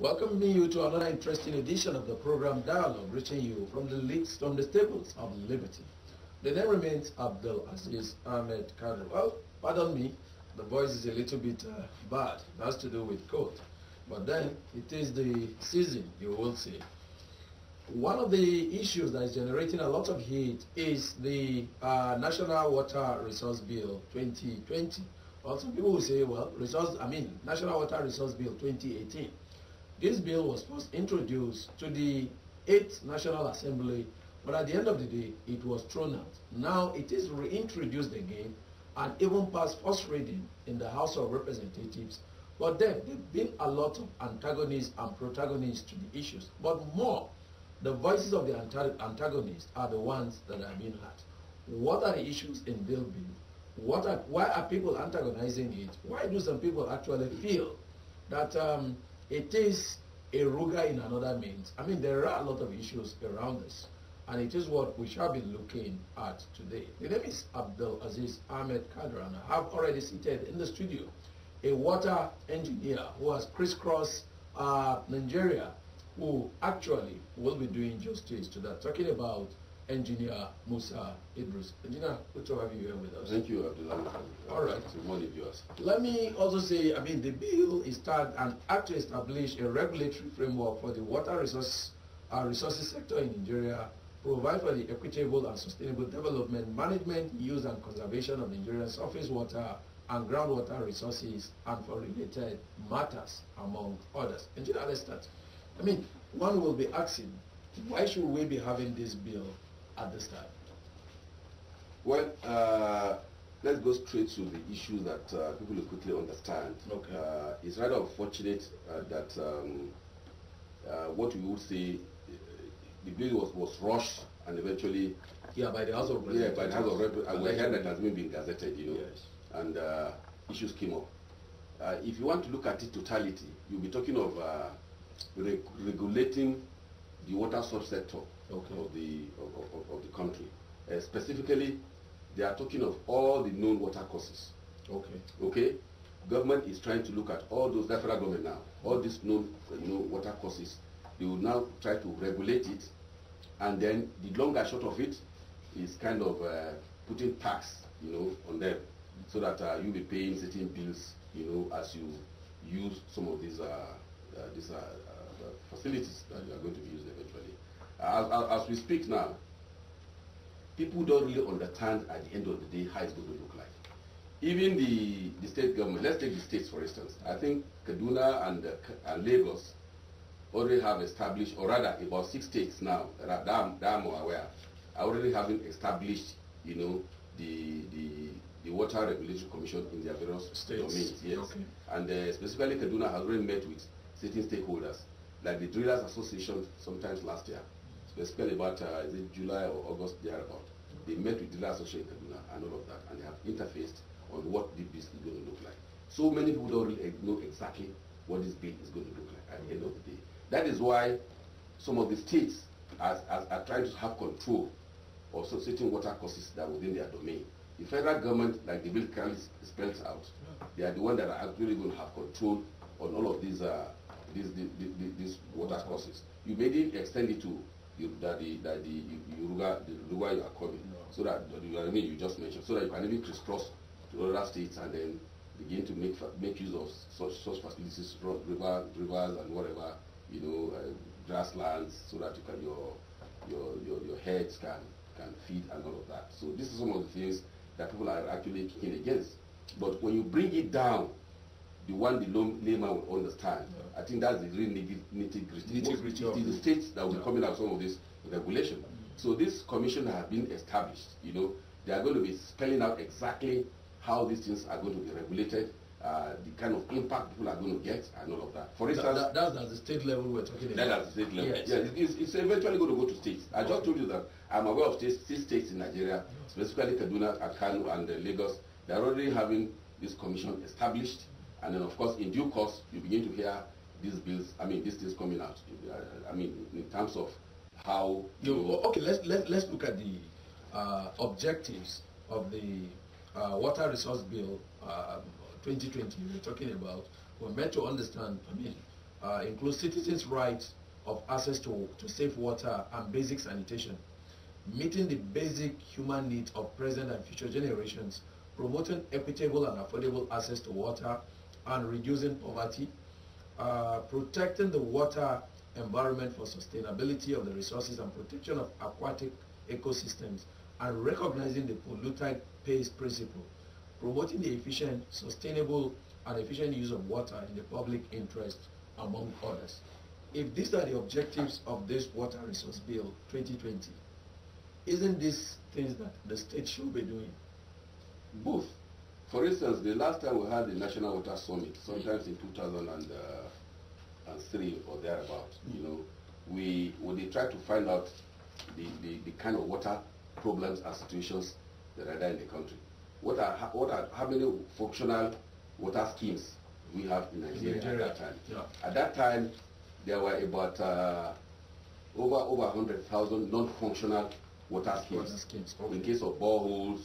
Welcoming you to another interesting edition of the program Dialogue, reaching you from the leaks from the stables of liberty. The name remains Abdul Aziz Ahmed Kadir. Well, pardon me, the voice is a little bit uh, bad. It has to do with cold. But then, it is the season, you will see. One of the issues that is generating a lot of heat is the uh, National Water Resource Bill 2020. Well, some people will say, well, resource, I mean, National Water Resource Bill 2018. This bill was first introduced to the 8th National Assembly, but at the end of the day, it was thrown out. Now it is reintroduced again and even passed first reading in the House of Representatives. But then there've been a lot of antagonists and protagonists to the issues. But more, the voices of the antagonists are the ones that are being heard. What are the issues in bill bill? What are, why are people antagonizing it? Why do some people actually feel that um, it is a ruga in another means. I mean, there are a lot of issues around us, and it is what we shall be looking at today. The name is Abdul Aziz Ahmed Kadra, and I have already seated in the studio a water engineer who has crisscrossed uh, Nigeria, who actually will be doing justice to that, talking about engineer Musa Idris. Engineer, good to have you here with us. Thank you, Abdullah. Uh, All right. Good morning, viewers. Let me also say, I mean, the bill is that an act to establish a regulatory framework for the water resource, uh, resources sector in Nigeria, provide for the equitable and sustainable development, management, use, and conservation of Nigeria's surface water and groundwater resources, and for related matters, among others. Engineer, let's start. I mean, one will be asking, why should we be having this bill at this time? Well, uh, let's go straight to the issue that uh, people will quickly understand. Okay. Uh, it's rather unfortunate uh, that um, uh, what we would say, uh, the bill was, was rushed and eventually... Yeah, by the House of Yeah, by the House of Representatives. And we heard that has been gazetted, you know. Yes. And issues came up. if you want to look at it totality, you'll be talking of reg regulating the water subsector okay. of, the, of, of, the country. Uh, specifically, they are talking of all the known water courses. Okay. Okay? Government is trying to look at all those, the federal government now, all these known, uh, known water courses. They will now try to regulate it. And then the long and short of it is kind of uh, putting tax, you know, on them so that uh, you'll be paying certain bills, you know, as you use some of these, uh, uh, these uh, facilities that you are going to be used eventually as, as, as we speak now, people don't really understand at the end of the day how it's going to look like. Even the, the state government, let's take the states for instance. I think Kaduna and, uh, and Lagos already have established, or rather about six states now that, are, I'm, that I'm aware, already having established, you know, the, the, the Water Regulatory Commission in their various states. domains. Yes. Okay. And uh, specifically Kaduna has already met with certain stakeholders, like the Drillers Association sometimes last year. They spent about, uh, is it July or August, thereabout. They met with social association and all of that, and they have interfaced on what the beast is going to look like. So many people don't really know exactly what this bill is going to look like at the end of the day. That is why some of the states are, are, are trying to have control of certain water courses that are within their domain. The federal government, like the bill currently spells out, they are the ones that are actually going to have control on all of these uh, these, these, these, these water courses. You may even extend it to you, that the that the Yoruba the Yoruba you are coming, yeah. so that the I mean, you just mentioned, so that you can even crisscross to other states and then begin to make make use of such such facilities, river rivers and whatever you know uh, grasslands, so that you can your your your your heads can can feed and all of that. So this is some of the things that people are actually kicking against. But when you bring it down the one the layman will understand. Yeah. I think that's the real nitty gritty. it is the states that will come in out some of this regulation. Mm. So this commission has been established. You know, they are going to be spelling out exactly how these things are going to be regulated, uh, the kind of impact people are going to get, and all of that. For instance, that, that, that's at the state level we're talking about. That's at the state level. Yes. Yeah, it's, it's, eventually going to go to states. I just told you that I'm aware of states, six states in Nigeria, specifically Kaduna, Kano, and uh, Lagos. They're already having this commission established and then, of course, in due course, you begin to hear these bills, I mean, these things coming out. Uh, I mean, in terms of how... You, know, okay, let's, let, let's look at the uh, objectives of the uh, Water Resource Bill uh, um, 2020 we are talking about. We're meant to understand, I mean, uh, citizens' rights of access to, to safe water and basic sanitation, meeting the basic human needs of present and future generations, promoting equitable and affordable access to water, and reducing poverty, uh, protecting the water environment for sustainability of the resources and protection of aquatic ecosystems, and recognizing the polluter pays principle, promoting the efficient, sustainable, and efficient use of water in the public interest, among others. If these are the objectives of this Water Resource Bill 2020, isn't this things that the state should be doing? Both for instance, the last time we had the National Water Summit, sometimes in 2003 uh, or thereabouts, you mm. know, we, we tried to find out the, the, the, kind of water problems and situations that are there in the country. What are, what are, how many functional water schemes we have in Nigeria, Nigeria. at that time? Yeah. At that time, there were about uh, over over 100,000 non-functional water schemes, water schemes okay. in case of boreholes,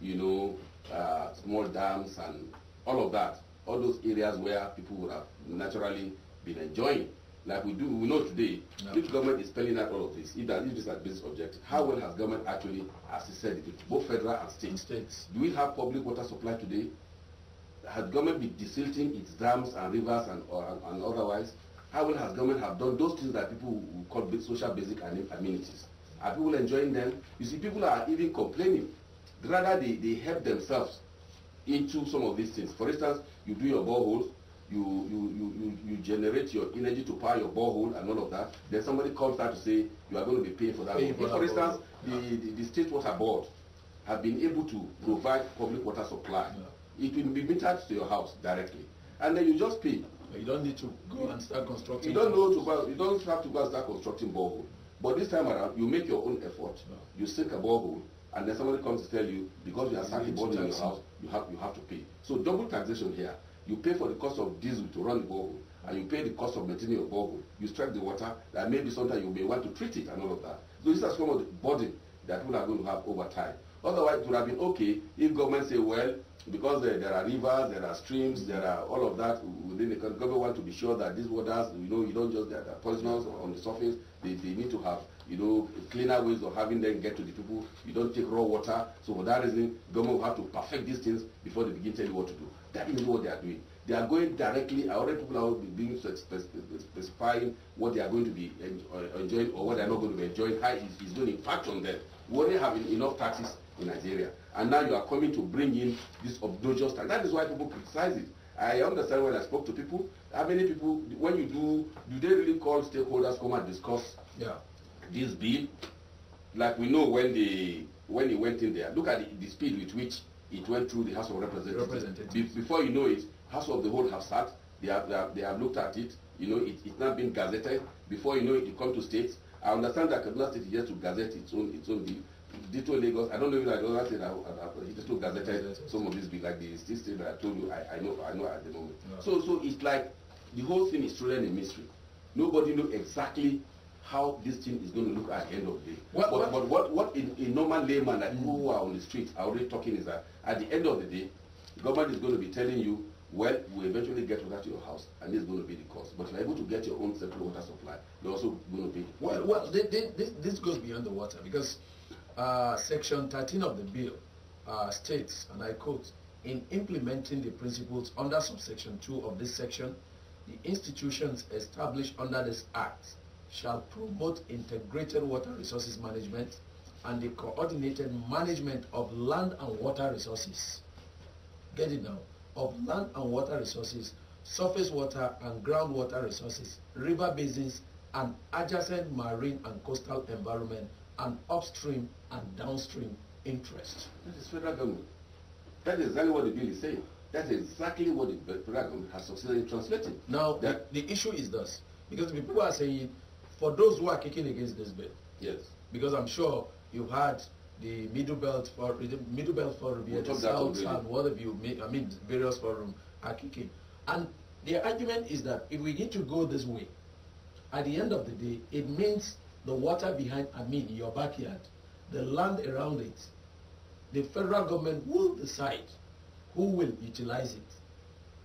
you know, uh, small dams and all of that, all those areas where people would have naturally been enjoying. Like we do, we know today, no. which government is spelling out all of this, if, that is if this is a business object, how well has government actually assisted it, both federal and state? states? Do we have public water supply today? Has government been desilting its dams and rivers and, or, and, and otherwise? How well has government have done those things that people will call social basic amenities? Are people enjoying them? You see, people are even complaining rather they they help themselves into some of these things for instance you do your boreholes you you you you you generate your energy to power your borehole and all of that then somebody comes out to say you are going to be paying for that paying for, for instance yeah. the, the the state water board have been able to provide public water supply yeah. it will be metered to your house directly and then you just pay but you don't need to go and start constructing you don't know to go you don't have to go and start constructing borehole but this time around you make your own effort yeah. you sink a borehole and then somebody comes to tell you because you are selling ball in your house, you have you have to pay. So double taxation here. You pay for the cost of diesel to run the borehole, and you pay the cost of maintaining your borehole. You strike the water, that maybe sometimes you may want to treat it and all of that. So this is some of the burden that we are going to have over time. Otherwise, it would have been okay if government say, well, because there, there are rivers, there are streams, there are all of that within the Government want to be sure that these waters, you know, you don't just are poisonous on the surface. They, they need to have you know, cleaner ways of having them get to the people. You don't take raw water. So for that reason, government will have to perfect these things before they begin telling you what to do. That is what they are doing. They are going directly, already people are being specifying what they are going to be uh, enjoying or what they are not going to be enjoying, How is is going to impact on them. We already have enough taxes in Nigeria. And now you are coming to bring in this obnoxious tax. That is why people criticize it. I understand when I spoke to people, how many people, when you do, do they really call stakeholders come and discuss? Yeah this bill, like we know when the when it went in there, look at the, the speed with which it went through the House of Representatives. Representatives. Be before you know it, House of the whole have sat, they have, they have, they have looked at it, you know, it, it's not been gazetted. Before you know it, it come to states. I understand that Kaduna State is just to gazette its own its own bill. Ditto Lagos, I don't know if I don't say that it to gazetted some of these big like this. This thing that I told you I, I know I know at the moment. No. So so it's like the whole thing is truly a mystery. Nobody knows exactly how this thing is going to look at the end of the day. What, but, what, but what, what in, a normal layman that mm. who are on the streets are already talking is that at the end of the day, the government is going to be telling you, well, we eventually get water to your house, and this is going to be the cost. But if you're able to get your own central water supply, you're also going to pay. Well, well they, they, this, this goes beyond the water because uh, Section 13 of the bill uh, states, and I quote, in implementing the principles under subsection 2 of this section, the institutions established under this act shall promote integrated water resources management and the coordinated management of land and water resources. Get it now? Of land and water resources, surface water and groundwater resources, river basins, and adjacent marine and coastal environment, and upstream and downstream interest. This is federal government. That is exactly what the bill is saying. That's exactly what the federal government has succeeded in translating. Now, the, the issue is this. Because people are saying for those who are kicking against this bill. Yes. Because I'm sure you've had the middle belt for the middle belt forum, we'll the south really. and what have you made, I mean various forum are kicking. And the argument is that if we need to go this way, at the end of the day, it means the water behind I mean your backyard, the land around it, the federal government will decide who will utilize it.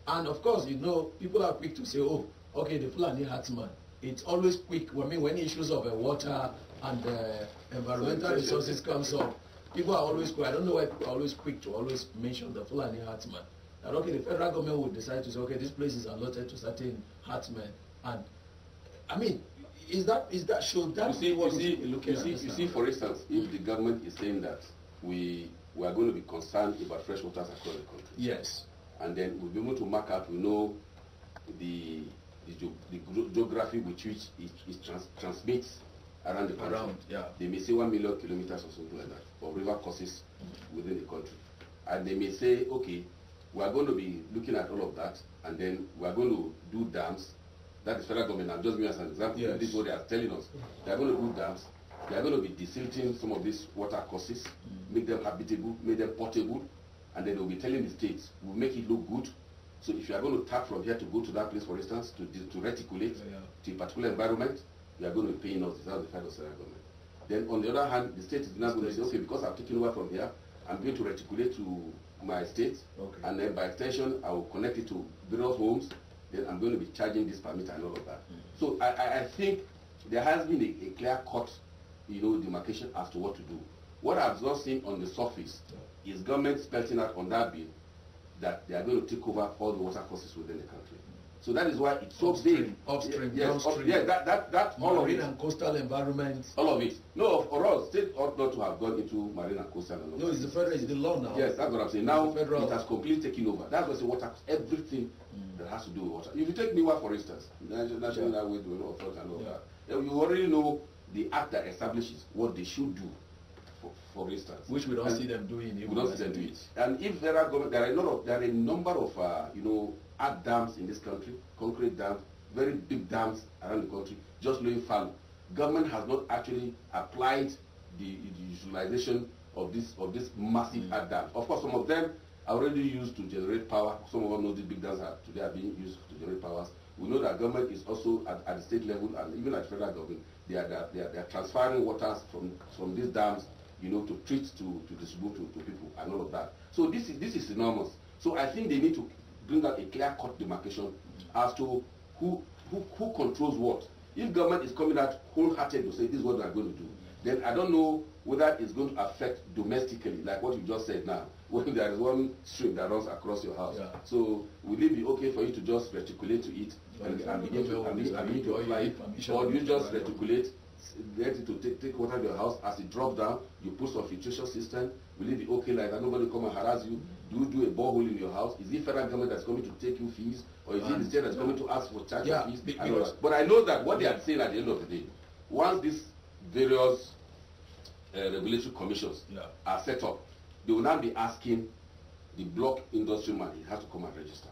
And of course, you know, people are quick to say, oh, okay, the Fulani Hatsman, it's always quick. I mean, when issues of uh, water and uh, environmental resources comes up, people are always quick. I don't know why people are always quick to always mention the Fulani Hartman. That, okay, the federal government would decide to say, okay, this place is allotted to certain Hartmen. And, I mean, is that, is that, should that... You see, you see, look, you, see you see, for instance, if mm. the government is saying that we, we are going to be concerned about fresh waters across the country. Yes. And then we'll be able to mark out, we know the the, the geography with which it, it trans transmits around the country. Around, yeah. They may say one million kilometers or something like that, or river courses within the country. And they may say, okay, we are going to be looking at all of that, and then we are going to do dams. That is federal government, I'm just giving as an example. Yes. This is what they are telling us. They are going to do dams. They are going to be desilting some of these water courses, mm. make them habitable, make them portable, and then they'll be telling the states, we'll make it look good, so if you are going to tap from here to go to that place, for instance, to, to reticulate yeah, yeah. to a particular environment, you are going to paying us That's the federal of Sierra government. Then on the other hand, the state is not going to say, okay, because I've taken over from here, I'm going to reticulate to my state, okay. and then by extension, I will connect it to various homes, then I'm going to be charging this permit and all of that. Mm So I, I, think there has been a, a clear-cut, you know, demarcation as to what to do. What I've not seen on the surface is government spelling out on that bill that they are going to take over all the water courses within the country. So that is why it so upstream, big. Upstream, yes, downstream. Up, yes, that, that, that, all of it. Marine and coastal environment. All of it. No, for us, state ought not to have gone into marine and coastal. Environment. No, it's the federal, it's the law now. Yes, that's what I'm saying. Now, federal, it has completely taken over. That's what's the water, everything mm. that has to do with water. If you take Niwa, for instance, National yeah. Highway Development Authority and all yeah. that, you already know the act that establishes what they should do for instance. Which we don't and see them doing. We don't see them do it. And if there are there are a lot of there are a number of uh, you know art dams in this country, concrete dams, very big dams around the country, just laying fallow. Government has not actually applied the, the utilization of this of this massive mm. art dam. Of course, some of them are already used to generate power. Some of us know the big dams are today are being used to generate powers. We know that government is also at, at the state level and even at federal government, they are, they are, they are transferring waters from, from these dams you know, to treat, to, to distribute to, to people and all of that. So this is, this is enormous. So I think they need to bring out a clear-cut demarcation as to who, who, who controls what. If government is coming out wholehearted to say this is what we are going to do, then I don't know whether it's going to affect domestically, like what you just said now, when there is one stream that runs across your house. Yeah. So will it be okay for you to just reticulate to it and, and begin to, and begin or do you just reticulate get it to take, take water your house. As it drop down, you put some filtration system. Will it be okay like that? Nobody come and harass you. Do you do a borehole in your house? Is it federal government that's coming to take you fees? Or is it the state that's coming to ask for charge yeah, fees? Because, but I know that what they are saying at the end of the day, once these various uh, regulatory commissions yeah. are set up, they will now be asking the block industry man, he has to come and register.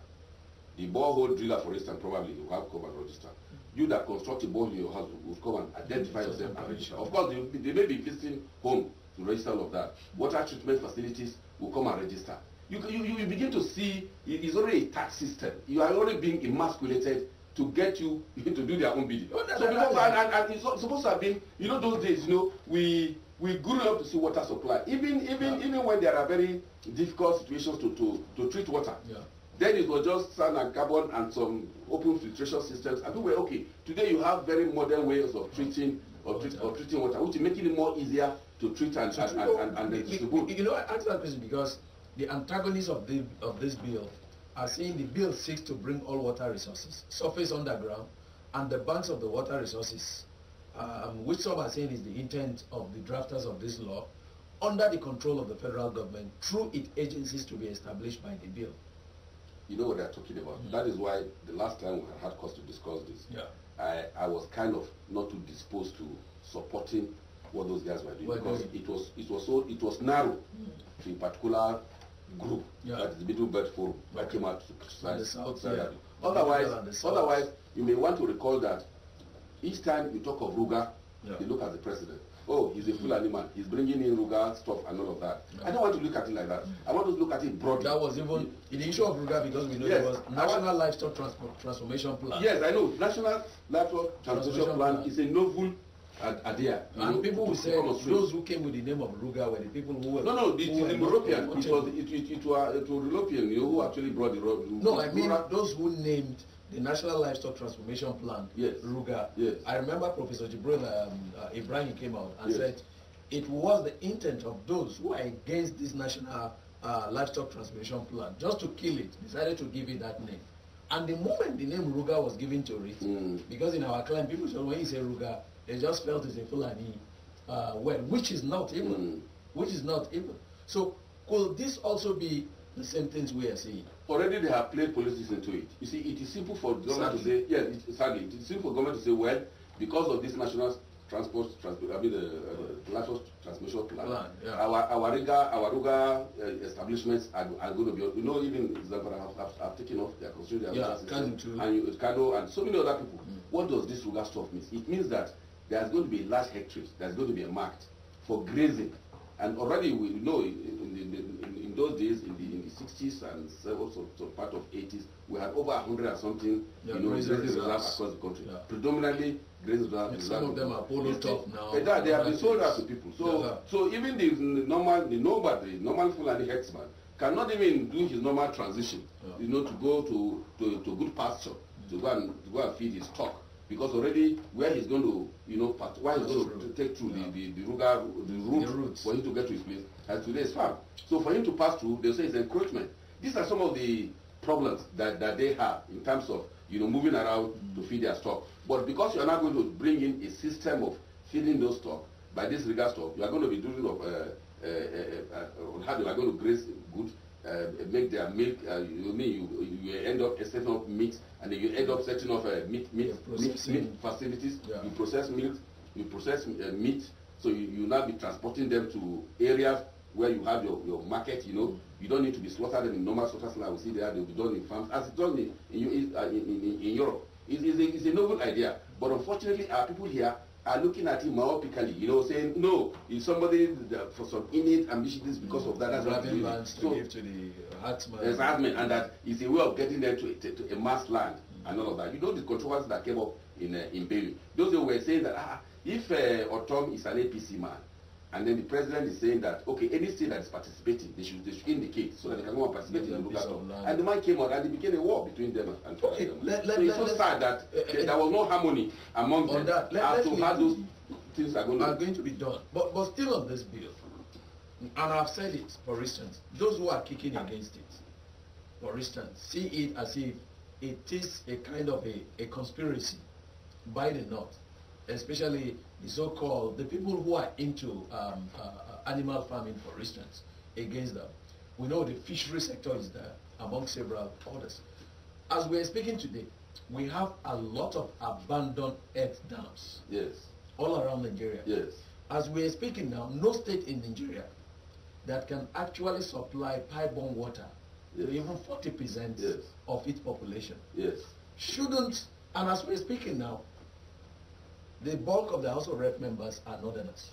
The borehole driller, for instance, probably will have to come and register you that construct a borehole in your house will come and identify yourself and register. Of course, they, they may be visiting home to register all of that. Water treatment facilities will come and register. You, you, you begin to see it's already a tax system. You are already being emasculated to get you to do their own bidding. Oh, so because, and, and, and it's supposed to have been, you know, those days, you know, we we grew up to see water supply. Even even yeah. even when there are very difficult situations to to, to treat water, yeah then it was just sand and carbon and some open filtration systems and people were okay today you have very modern ways of treating of, treat, of treating water which is making it more easier to treat and so and, and, and, and, and distribute. you know i ask that question because the antagonists of the of this bill are saying the bill seeks to bring all water resources surface underground and the banks of the water resources um, which some are saying is the intent of the drafters of this law under the control of the federal government through its agencies to be established by the bill. you know what they're talking about. Mm. That is why the last time we had cause to discuss this, yeah. I, I was kind of not too disposed to supporting what those guys were doing because it was it was so it was narrow mm. to a particular group yeah. that is the Middlebelt Forum okay. that came out to criticize. Yeah. Otherwise, otherwise you may want to recall that each time you talk of Ruga, yeah. you look at the president. oh, he's a full animal. he's bringing in Ruga stuff and all of that. I don't want to look at it like that. I want to look at it broadly. That was even in the issue of Ruga because we know yes, there was National want, Livestock Transport Transformation Plan. Yes, I know. National Livestock Transformation, Plan, Plan is a novel idea. And, and people will say those who came with the name of Ruga were the people who were. No, no, the is European. It was it, it, it, were, it were European you know, who actually brought the Ruga. No, I mean those who named the National Livestock Transformation Plan, yes. Ruga. Yes. I remember Professor Jibril um, uh, Ibrahim came out and yes. said it was the intent of those who are against this National uh, Livestock Transformation Plan, just to kill it, decided to give it that name. And the moment the name Ruga was given to it, mm. because in our clan, people said when you say Ruga, they just felt it's a Fulani uh, word, which is not even. Mm. Which is not even. So could this also be the same things we are seeing. Already they have played politics into it. You see, it is simple for government sadly. to say, yeah, sadly, it is simple for government to say, well, because of this national transport, trans I mean the uh, transmission plan, plan yeah. our our Riga, our Ruga uh, establishments are, are going to be, you know, even Zamfara have, have, have taken off their are yeah, system, too. and you, Kano and so many other people. Mm. What does this Ruga stuff mean? It means that there's going to be large hectares that's going to be marked for grazing. And already we know in, in, in, in those days, in the 60s and also so part of 80s, we had over 100 and something, yeah, you know, grains reserves across the country. Yeah. Predominantly grains reserves. And some of them are polo top now. Yeah, they have been sold out to people. So, yeah, so even the, the normal, the nobody, normal Fulani herdsman cannot even do his normal transition, yeah. you know, to go to, to, to good pasture, mm. to, go and, to go and feed his stock. because already where he's going to you know part he's going to take through yeah. the, the the rural the route the routes. for him to get to his place and today is far so for him to pass through they say it's encroachment these are some of the problems that that they have in terms of you know moving around mm. to feed their stock but because you are now going to bring in a system of feeding those stock by this regard stock you are going to be doing of uh, uh, uh, uh, how they are going to graze good uh, make their milk uh, you mean you you end up a set of meat and then you end up setting up uh, meat, meat, meat, meat facilities. Yeah. You process meat, you process uh, meat, so you, you now be transporting them to areas where you have your, your market, you know. Mm. You don't need to be slaughtered in normal slaughter slab. We see there, they'll be done in farms, as it's done in, in, uh, in, in, in Europe. It's, it's, a, it's a novel idea, but unfortunately, our people here are looking at him myopically, you know, saying, no, if somebody uh, for some innate ambition, this because of that, that's what I'm doing. So, give to the Hartman. and that is a way of getting them to, to, to a mass land mm. and all of that. You know the controversy that came up in uh, in Bailey. Those who were saying that, ah, if uh, Otom is an APC man, and then the president is saying that okay any state that is participating they should they should indicate so that they can go and participate in the local talk and the man came out and it became a war between them and, and okay, let, let, so it's let, sad that uh, eh, there, eh, there was no harmony among them that, let, as to how those things are going, are to, going to be done but but still on this bill and i've said it for instance those who are kicking against it for instance see it as if it is a kind of a, a conspiracy by the north especially the so-called, the people who are into um, uh, uh, animal farming, for instance, against them. We know the fishery sector is there, among several others. As we are speaking today, we have a lot of abandoned earth dams. Yes. All around Nigeria. Yes. As we are speaking now, no state in Nigeria that can actually supply pipe-borne water yes. to even 40% yes. of its population. Yes. Shouldn't, and as we're speaking now, The bulk of the House of Rep members are Northerners.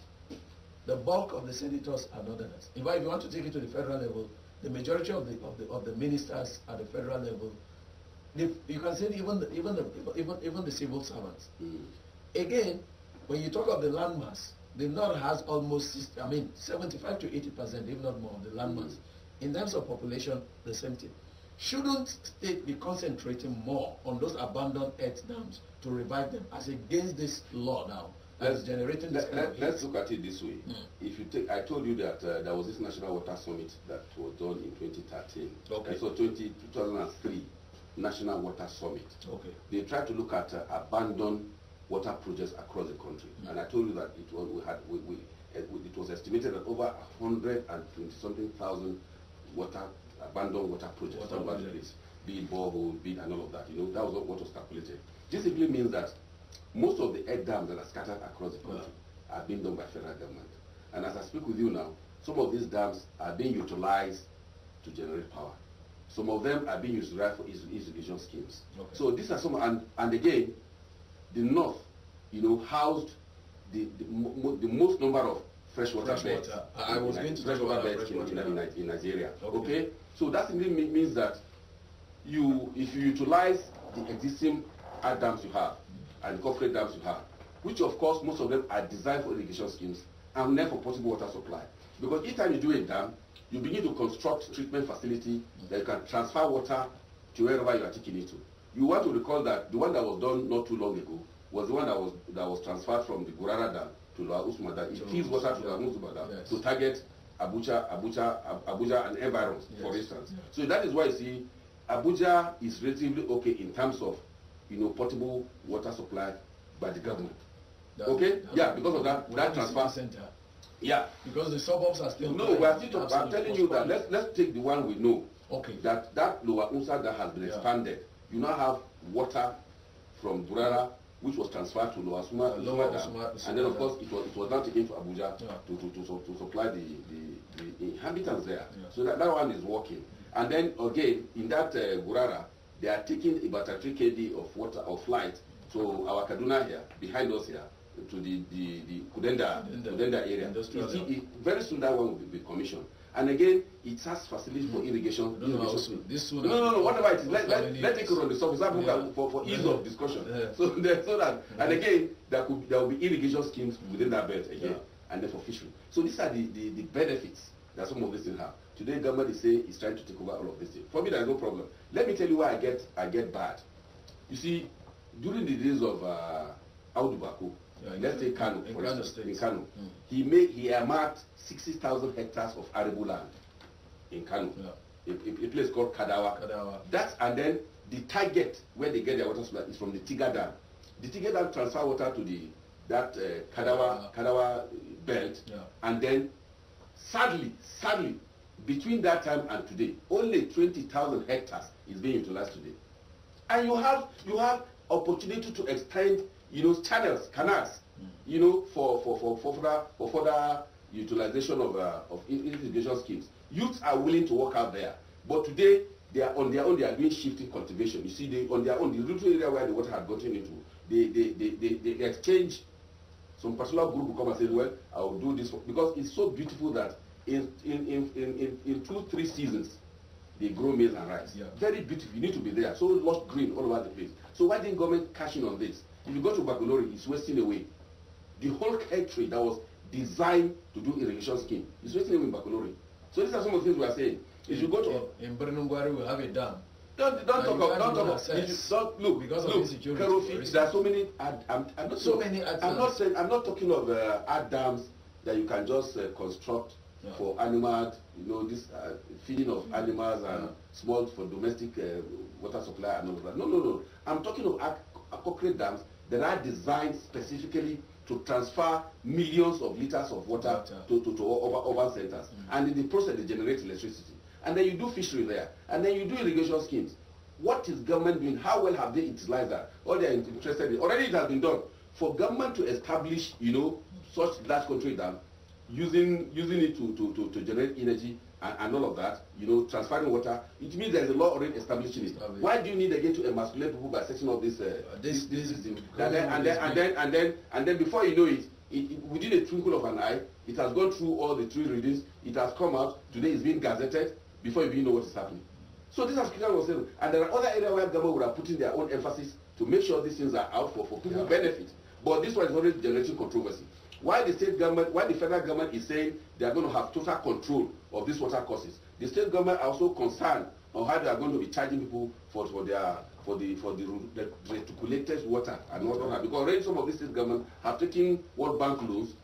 The bulk of the senators are Northerners. In fact, if you want to take it to the federal level, the majority of the of the of the ministers at the federal level, they, you can say even the, even the, even even the civil servants. Mm. Again, when you talk of the landmass, the north has almost I mean 75 to 80 percent, if not more, of the landmass. Mm. In terms of population, the same thing. Shouldn't state be concentrating more on those abandoned earth dams to revive them as against this law now that let's, is generating this let, let, Let's look at it this way. Mm. If you take, I told you that uh, there was this National Water Summit that was done in 2013. Okay. And so 20, 2003 National Water Summit. Okay. They tried to look at uh, abandoned water projects across the country. Mm. And I told you that it was, we had, we, we, uh, it was estimated that over 120 something thousand water abandoned water projects water all over be it borehole, be it and all of that. You know, that was what was calculated. This simply means that most of the air dams that are scattered across the country yeah. are being done by federal government. And as I speak with you now, some of these dams are being utilized to generate power. Some of them are being right for irrigation schemes. Okay. So these are some, and, and again, the north, you know, housed the, the, the most number of freshwater bed. Water. I was going to freshwater beds fresh in, in, in, Nigeria. Okay. okay. So that simply means that you, if you utilize the existing dams you have and corporate dams you have, which of course most of them are designed for irrigation schemes and never for possible water supply. Because each time you do a dam, you begin to construct treatment facility that you can transfer water to wherever you are taking it to. You want to recall that the one that was done not too long ago was the one that was, that was transferred from the Gurara Dam to Laos Mada, it gives water to Laos Mada yes. to target Abuja, Abuja, Abuja and environs, yes. for instance. Yes. So that is why, see, Abuja is relatively okay in terms of, you know, potable water supply by the government. That, okay? That, yeah, because of that, that transfer. Center. Yeah. Because the suburbs are still... No, we are still talking, I'm telling you that, let's, let's take the one we know. Okay. That, that lower Unsa that has been yeah. expanded, you now have water from Durara which was transferred to Lower Suma, Lower Suma and then of course it was it was now taken to Abuja yeah. to, to, to, to, supply the, the, the inhabitants there. Yeah. So that, that one is working. And then again in that uh, Gurara, they are taking about a 3 kd of water of light to our Kaduna here, behind us here, to the the, the Kudenda, Kudenda, Kudenda area. It, it, very soon that one will be commissioned. and again it has facilities for irrigation. No, irrigation. No, this one no, no, no, whatever it is, let, let, let take it on the surface that yeah. for, for ease yeah. of discussion. Yeah. So, that, so that, yeah. and again, there, could, there will be irrigation schemes within that belt again, yeah. and then for fishery. So these are the, the, the benefits that some of these things have. Today, government is saying it's trying to take over all of this thing. For me, there's no problem. Let me tell you why I get I get bad. You see, during the days of uh, Audubaku, yeah, uh, let's say Kano, in for instance, in Kano, mm. he made he amassed sixty thousand hectares of arable land in Kano, yeah. a, a, place called Kadawa. Kadawa. That's and then the target where they get their water supply is from the Tiga Dam. The Tiga Dam transfer water to the that uh, Kadawa yeah. Kadawa belt, yeah. and then sadly, sadly, between that time and today, only twenty thousand hectares is being utilized today, and you have you have opportunity to extend you know, channels, canals, mm. you know, for, for, for, for further, for further utilization of, uh, of irrigation schemes. Youths are willing to work out there, but today they are on their own, they are doing shifting cultivation. You see, they on their own, the little area where the water had gotten into, they, they, they, they, they exchange. Some particular group will come and say, well, I will do this because it's so beautiful that in, in, in, in, in two, three seasons, they grow maize and rice. Yeah. Very beautiful. You need to be there. So lush green all over the place. So why didn't government cash in on this? If you go to Bagolori, it's wasting away. The whole country that was designed to do irrigation scheme is wasting away in Bagolori. So these are some of the things we are saying. If you go to in, in Bernungwari, we have a dam. Don't don't talk about don't talk about look because look, of insecurity. Kerofi, there are so many. Ad, I'm, I'm not so talk, many. dams. I'm not saying I'm not talking of uh, ad dams that you can just uh, construct yeah. for animals. You know this uh, feeding of animals and yeah. small for domestic uh, water supply and all that. No no no. I'm talking of uh, concrete dams that are designed specifically to transfer millions of liters of water, to, to, urban centers. Mm. And in the process, they generate electricity. And then you do fishery there. And then you do irrigation schemes. What is government doing? How well have they utilized that? All they are interested in. Already it has been done. For government to establish, you know, such large country dam, using, using it to, to, to, to generate energy and, and all of that, you know, transferring water, it means there's a law already establishing it. Why do you need again to emasculate people by setting up this, uh, uh, this, this, system? And then, and, then, and, then, and, then, and then before you know it, it, it, within a twinkle of an eye, it has gone through all the three readings, it has come out, today it's being gazetted, before you even know what is happening. So this African was saying, and there are other areas where government would have put in their own emphasis to make sure these things are out for, for people's yeah. benefit. But this one is already generating controversy. Why the state government, why the federal government is saying they are going to have total control of these water courses, the state government are also concerned on how they are going to be charging people for, for their for the for the, the reticulated water and all that because already some of these state governments have taken world bank loans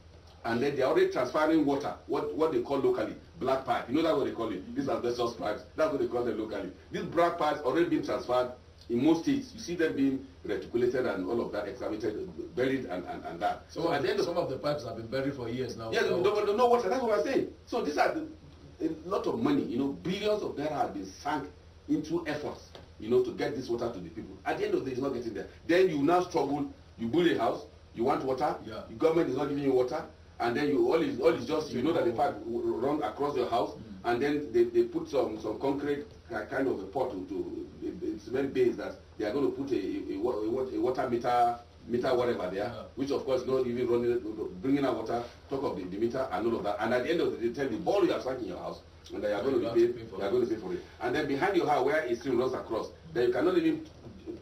and then they are already transferring water what what they call locally black pipe you know that's what they call it these asbestos pipes that's what they call them locally these black pipes already been transferred in most states you see them being reticulated and all of that excavated buried and and and that. so, at the end of some of the pipes have been buried for years now. yes no no no water that's what i'm saying so these are the, a lot of money you know billions of naira have been sank into efforts you know to get this water to the people at the end of the day it's not getting there then you now struggle you build a house you want water yeah. the government is not giving you water and then you all is all is just you know that the pipe run across your house. Mm -hmm and then they, they put some, some concrete kind of a pot into it's cement base that they are going to put a, a, a water meter meter whatever there, yeah. which of course not even running, bringing out water, talk of the, the, meter and all of that. And at the end of the day, tell the ball you are stuck in your house, and they are going to, pay, to they are going to pay for it. And then behind your house, where it still runs across, then you cannot even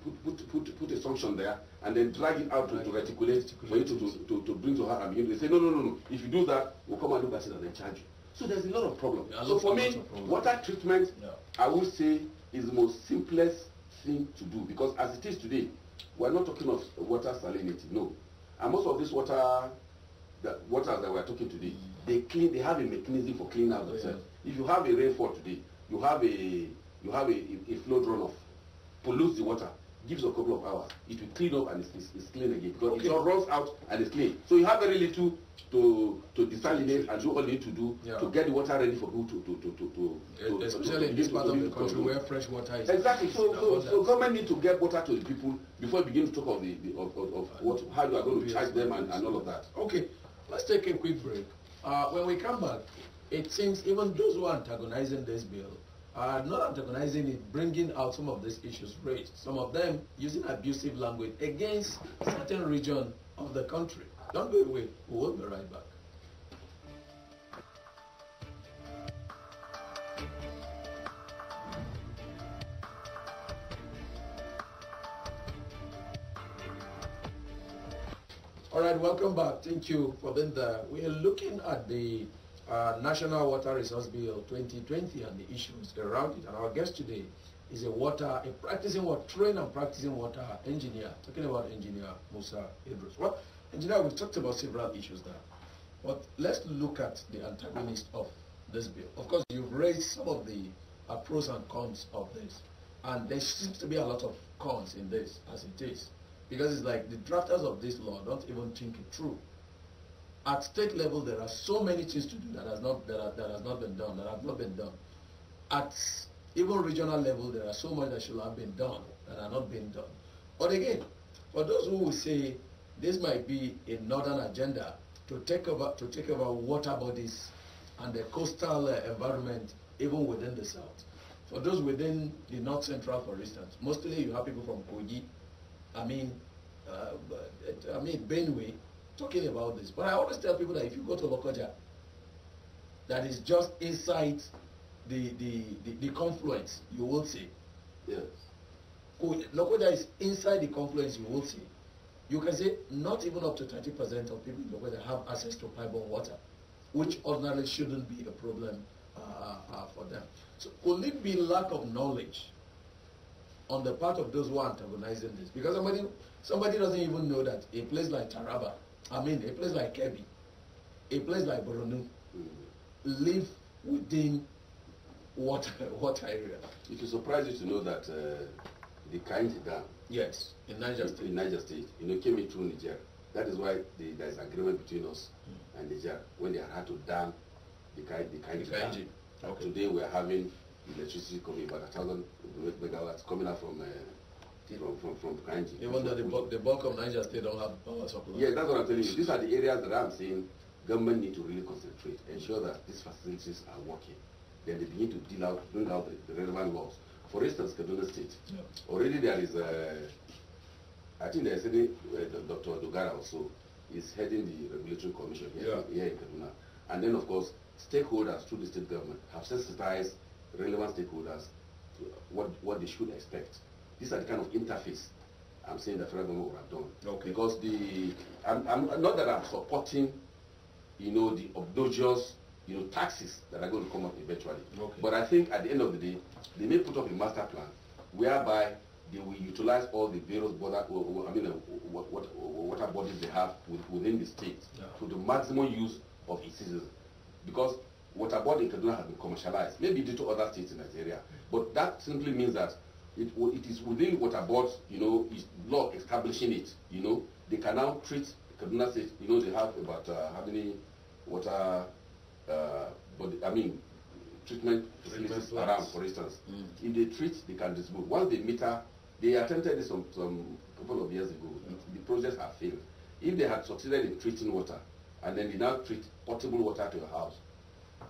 put, put, put, put a suction there and then drag it out to, to reticulate, for you to, to, to, to bring to her and begin say, no, no, no, no. If you do that, we'll come and look at it and then charge you. So there's a lot of problems. so for me, water treatment, yeah. I would say, is the most simplest thing to do because as it is today, we're not talking of water salinity, no. And most of this water, the waters that we're talking today, mm. they clean, they have a mechanism for cleaning out themselves. Yeah. If you have a rainfall today, you have a you have a, a, a flood runoff, pollutes the water gives a couple of hours. It will clean up and it's, it's, it's clean again because okay. it all runs out and it's clean. So you have very little to to desalinate and do all you need to do yeah. to get the water ready for people to to to to, to, e- to especially to, in this part of the country where fresh water is exactly. So so, so government need to get water to the people before begin to talk of the, the of, of, of uh, what how you are going to charge them and, and all of that. Okay, let's take a quick break. Uh, when we come back, it seems even those who are antagonizing this bill are not antagonizing it, bringing out some of these issues raised, some of them using abusive language against certain region of the country. Don't go away. We'll be right back. All right, welcome back. Thank you for being there. We are looking at the uh, National Water Resource Bill 2020 and the issues around it. And our guest today is a water, a practicing water, trained and practicing water engineer, talking about engineer Musa Idris. Well, engineer, we've talked about several issues there, but let's look at the antagonist of this bill. Of course, you've raised some of the uh, pros and cons of this, and there seems to be a lot of cons in this, as it is, because it's like the drafters of this law don't even think it through at state level, there are so many things to do that has not that, are, that has not been done, that have not been done. At even regional level, there are so much that should have been done that are not being done. But again, for those who will say this might be a northern agenda to take over to take over water bodies and the coastal uh, environment even within the south. For those within the north central, for instance, mostly you have people from Kogi, I mean, uh, I mean Benue, talking about this. But I always tell people that if you go to Lokoja, that is just inside the, the, the, the confluence, you will see. Yes. Lokoja is inside the confluence, you will see. You can say not even up to 30% of people in Lokoja have access to piped water, which ordinarily shouldn't be a problem uh, uh, uh, for them. So could it be lack of knowledge on the part of those who are antagonizing this? Because somebody, somebody doesn't even know that a place like Taraba, I mean, a place like Kebbi, a place like Borno, mm-hmm. live within water water area. It will surprise you to know that uh, the kind Dam. Yes, in Niger State. In Niger State, you know, came in through Niger. That is why the, there is agreement between us mm. and Niger when they had to dam the kind the kind Dam. Okay. Today we are having electricity coming about a thousand megawatts coming out from. Uh, from, from Kanji. Even though the bulk, the bulk of Niger State don't have power supply. Yeah, that's what I'm telling you. These are the areas that I'm saying government need to really concentrate, ensure that these facilities are working. Then they begin to deal out, bring out the, the relevant laws. For instance, Kaduna State. Yeah. Already there is a, I think there's a, uh, Dr. Dugara also is heading the regulatory commission here, yeah. here in Kaduna. And then, of course, stakeholders through the state government have sensitized relevant stakeholders to what, what they should expect these are the kind of interface I'm saying the federal government would have done. Okay. Because the, I'm, I'm, not that I'm supporting, you know, the obnoxious, you know, taxes that are going to come up eventually. Okay. But I think at the end of the day, they may put up a master plan whereby they will utilize all the various border, uh, uh, I mean, uh, what, what, uh, water bodies they have within the state yeah. to the maximum use of its citizens. Because water body in Kaduna has been commercialized, maybe due to other states in Nigeria. But that simply means that it, it is within what about you know, is law establishing it, you know. They can now treat Kaduna State, you know, they have about uh, how many water, uh, but I mean, treatment facilities around, for instance. Mm. If they treat, they can distribute. Once they meter, they attempted this some, some couple of years ago. Yeah. The projects have failed. If they had succeeded in treating water, and then they now treat potable water to your house,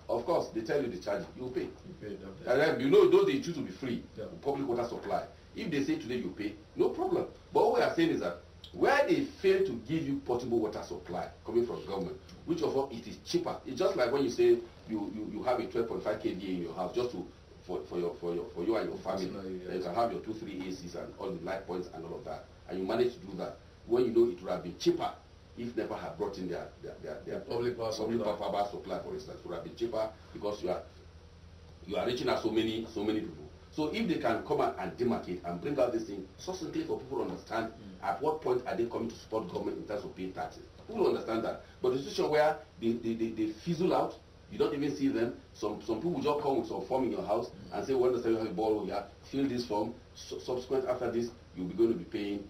of course they tell you the charge you pay, you, pay and then you know those they choose to be free yeah. public water supply if they say today you pay no problem but what we are saying is that where they fail to give you portable water supply coming from government which of all it is cheaper it's just like when you say you you, you have a 12.5 kva in your house just to for, for your for your for you and your family yeah. you can have your two three acs and all the light points and all of that and you manage to do that when you know it would have been cheaper if never had brought in their, their, their, their public, power, public supply. power supply, for instance, would have been cheaper because you are, you are reaching out so many, so many people. So if they can come out and demarcate and bring out this thing succinctly for people to understand mm. at what point are they coming to support government in terms of paying taxes. People understand that. But the situation where they, they, they, they fizzle out, you don't even see them. Some some people just come with some form in your house mm. and say, we understand you have a ball here, fill this form, so, subsequent after this, you'll be going to be paying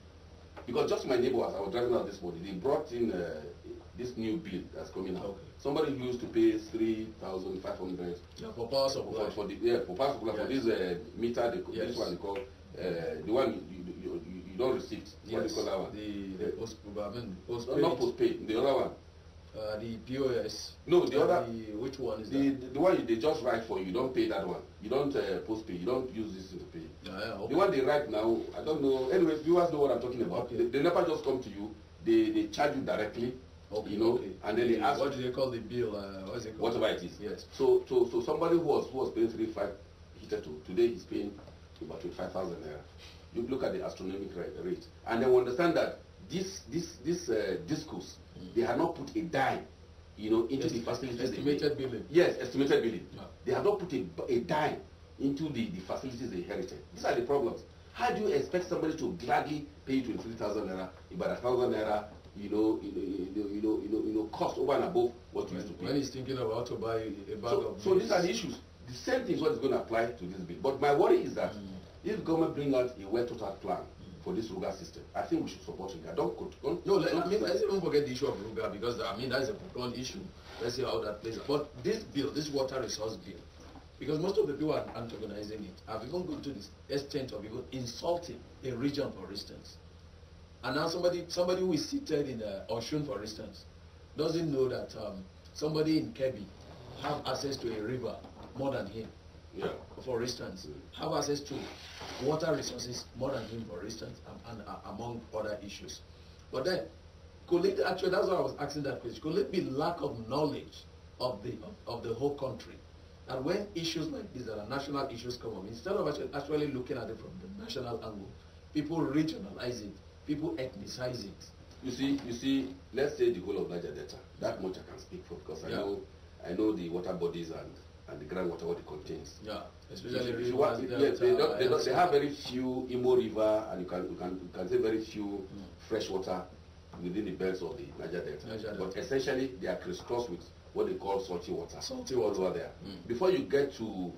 Because just my neighbor, as I was driving out this morning, they brought in uh, this new bill that's coming out. Okay. Somebody used to pay 3,500 yeah, for power supply. For, for the, yeah, for power supply. Yes. For this uh, meter, they, yes. this one they call, uh, the one you, you, you, you don't receive. Yes. What do you call that one? The, the post, I mean, post No, not postpaid, the other one. Uh, the POS. No, the uh, other. The, which one is the, that? The one they just write for you. You don't pay that one. You don't uh, post pay. You don't use this to pay. Yeah, yeah, okay. The one they write now, I don't know. Anyway, viewers know what I'm talking about. Okay. They, they never just come to you. They they charge you directly. Okay, you know, okay. and then they ask. What do they call the bill? Uh, what is it called? Whatever it is. Yes. So so so somebody who was who was paying three five, hitherto today he's paying about twenty five thousand naira. You look at the astronomical rate, and then we understand that this this this uh, discourse, mm. they have not put a dime, you know, into the facilities. Estimated billing. Yes, estimated billing. Yeah. They have not put a, a dime into the, the facilities they inherited. These are the problems. How do you expect somebody to gladly pay you 23,000 naira, about a thousand naira, you know, you know, you know, you know, cost over and above what you used to pay? When he's thinking about to buy a bag so, of So these are the issues. The same thing is what is going to apply to this bill. But my worry is that mm. if government bring out a well thought plan, for this Ruga system. I think we should support Ruger. Don't, don't, no, let, I mean, let's even forget the issue of Ruga because I mean that is a broad issue. Let's see how that plays out. But this bill, this water resource bill, because most of the people are antagonizing it, have even gone to the extent of even insulting a region, for instance. And now somebody, somebody who is seated in uh, Oshun, for instance, doesn't know that um, somebody in Kebi have access to a river more than him yeah. for instance, have access to water resources more than him, for instance, and, and uh, among other issues. But then, could it actually, that's why I was asking that question, could it be lack of knowledge of the, of the whole country? And when issues like these that are national issues come up, instead of actually, actually looking at it from the national angle, people regionalize it, people ethnicize it. You see, you see, let's say the whole of Niger Delta. That much I can speak for because yeah. I know I know the water bodies and and the groundwater what it contains. Yeah, especially if you want, yes, they, don't, they, don't, they have very few Imo River and you can you can you can see very few mm. fresh water within the belts of the Niger Delta. Niger Delta. But essentially they are crisscrossed with what they call salty water. Salty water, over there. Mm. Before you get to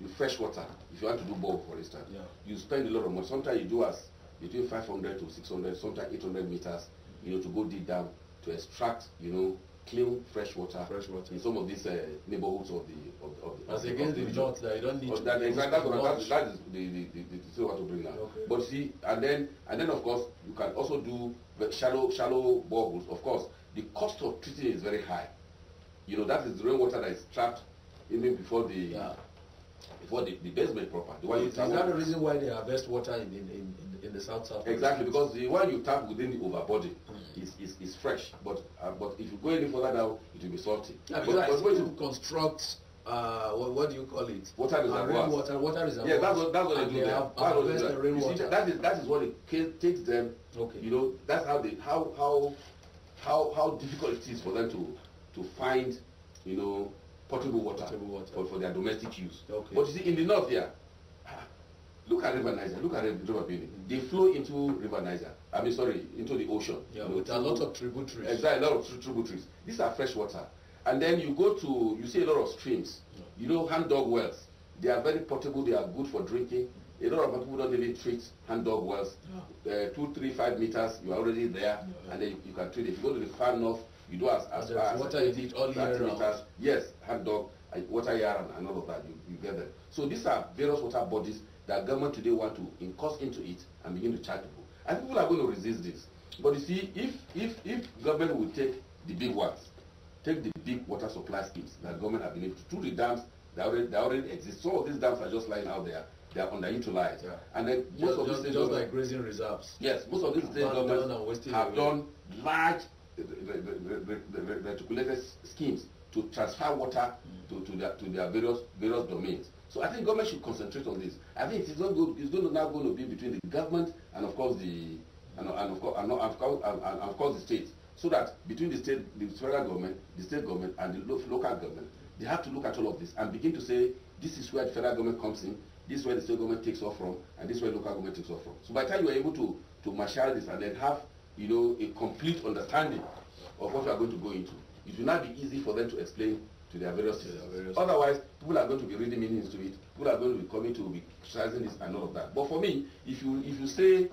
the fresh water, if you want to do both, for instance, yeah. you spend a lot of money. Sometimes you do as between 500 to 600, sometimes 800 meters, you know, to go deep down to extract, you know, clean fresh water, fresh water. in some of these uh, neighborhoods of the of, of as of against the, the drought that you don't need. Of that, exactly, that's, what, that's, that is the the the, the thing I want to bring now. Okay. But see, and then and then of course you can also do shallow shallow boreholes. Of course, the cost of treating is very high. You know that is rainwater that is trapped even before the. Yeah. Before the, the basement proper, the one you, you tap. Is that the reason why they harvest water in in, in, in the south south? Exactly because the one you tap within the overbody is, is, is fresh. But uh, but if you go any further now, it will be salty. Yeah, because but, when you construct uh, what, what, do you call it? Water reservoirs. Rainwater, water water reservoirs. Yeah, that's what, that's what they do. They have, have harvest the See, that is that is what it takes them. Okay. You know, that's how they how how how how difficult it is for them to to find you know potable water, potable water. For, for their domestic use. Okay. But you see, in the north there, ah, look at River Niger, look at River Benue. They flow into River Niger. I mean, sorry, into the ocean. Yeah, you know, with a lot of tributaries. Exactly, a lot of tributaries. These are fresh water. And then you go to, you see a lot of streams. Yeah. You know, hand dug wells. They are very portable. They are good for drinking. A lot of people don't even treat hand dug wells. Yeah. Uh, two, three, five meters, you are already there, yeah. and then you, you, can treat it. If you go to the far north, you do as, as far as water you need all year meters. Yes, hand dug, uh, water yarn, and all of that. You, you get that. So these are various water bodies that government today want to incurs into it and begin to charge and people are going to resist this. But you see, if, if, if government will take the big ones, take the big water supply schemes that government have been through the dams that already, that already exist. Some of these dams are just lying out there. They are underutilized. Yeah. And then most just, of these just, just like grazing reserves. Yes, most of these state governments have done large reticulated schemes to transfer water mm. to, to, their, to their various, various domains. So I think government should concentrate on this. I think it's going to, it's going to now going to be between the government and of course the and, and of course and, of course, and, and of course the state. So that between the state, the federal government, the state government, and the lo local government, they have to look at all of this and begin to say this is where the federal government comes in, this is where the state government takes off from, and this is where local government takes off from. So by the time you are able to to marshal this and then have you know a complete understanding of what we are going to go into, it will not be easy for them to explain to their various to otherwise people are going to be reading meanings to it people are going to be coming to be criticizing this and all of that but for me if you if you say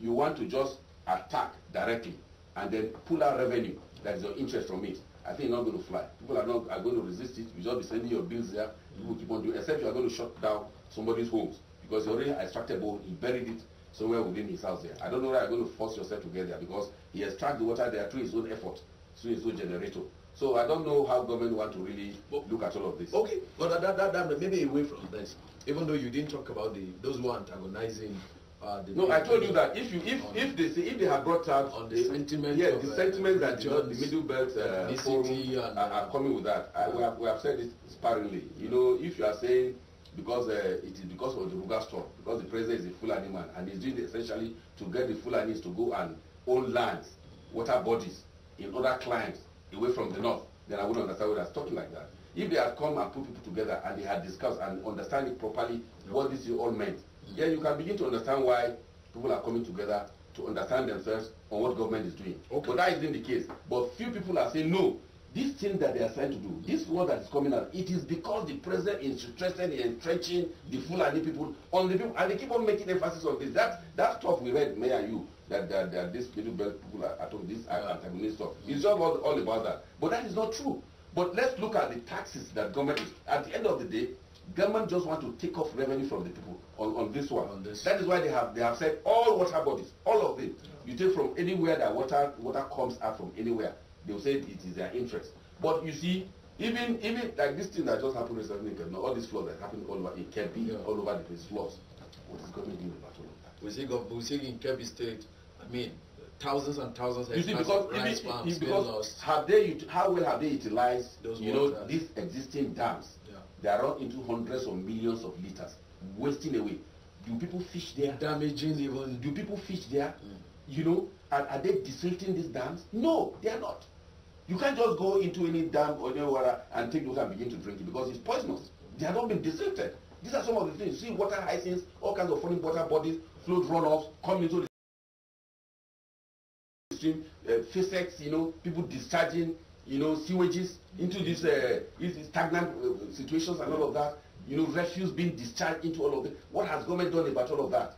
you want to just attack directly and then pull out revenue that is your interest from it i think e not go to fly people are not are going to resist it you just be sending your bills there people mm. keep on doing except you are going to shut down somebody's homes because you already extracted bone you buried it somewhere within his house there i don't know why you are going to force yourself to get there because he extract the water there through his own effort through his own generator So I don't know how government want to really but, look at all of this. Okay, but that, that, that maybe away from this, even though you didn't talk about the those who are antagonizing. Uh, no, I told you that if you if if they see if they have brought out on the, sentiment, yes, the sentiment uh, that the, the Middle Belt uh, uh forum and, uh, are, coming with that. I, we uh, have we have said it sparingly. You know, if you are saying because uh, it is because of the Ruga storm, because the president is a Fulani man and he's doing essentially to get the Fulanis to go and own lands, water bodies in other clients. away from the north, then I wouldn't understand what I was talking like that. If they had come and put people together and they had discussed and it properly what this all meant, then you can begin to understand why people are coming together to understand themselves on what government is doing. Okay. But that isn't the case. But few people are saying, no, this thing that they are trying to do, this war that is coming out, it is because the president is interested in entrenching the Fulani people on the people, and they keep on making emphasis on this. That, that stuff we read, Mayor, you, that, that, that these middle belt people are at all, these are antagonists of. It's all about, all about that. But that is not true. But let's look at the taxes that government is. At the end of the day, government just want to take off revenue from the people on, on this one. On this. That is why they have they have said all water bodies, all of it. Yeah. You take from anywhere that water water comes out from anywhere. They will say it is their interest. But you see, even even like this thing that just happened recently in Kaduna, all this flood that happened all over in Kebbi, yeah. all over the place, What is government doing about all of that? We see, we see in Kebbi State I mean, thousands and thousands of see, because of rice because lost. Have they, how well have they utilized Those you waters. know, these existing dams? Yeah. They are run into hundreds of millions of liters, wasting away. Do people fish there? Damaging even. Do people fish there? Mm. You know, are, are they desilting these dams? No, they are not. You can't just go into any dam or any water and take water and begin to drink it because it's poisonous. They have not been desilted. These are some of the things. You see water hyacinths, all kinds of funny water bodies, float runoffs, come into the stream uh, facex you know people discharging you know sewages into these uh, these stagnant uh, situations and all of that you know refuse being discharged into all of it what has government done about all of that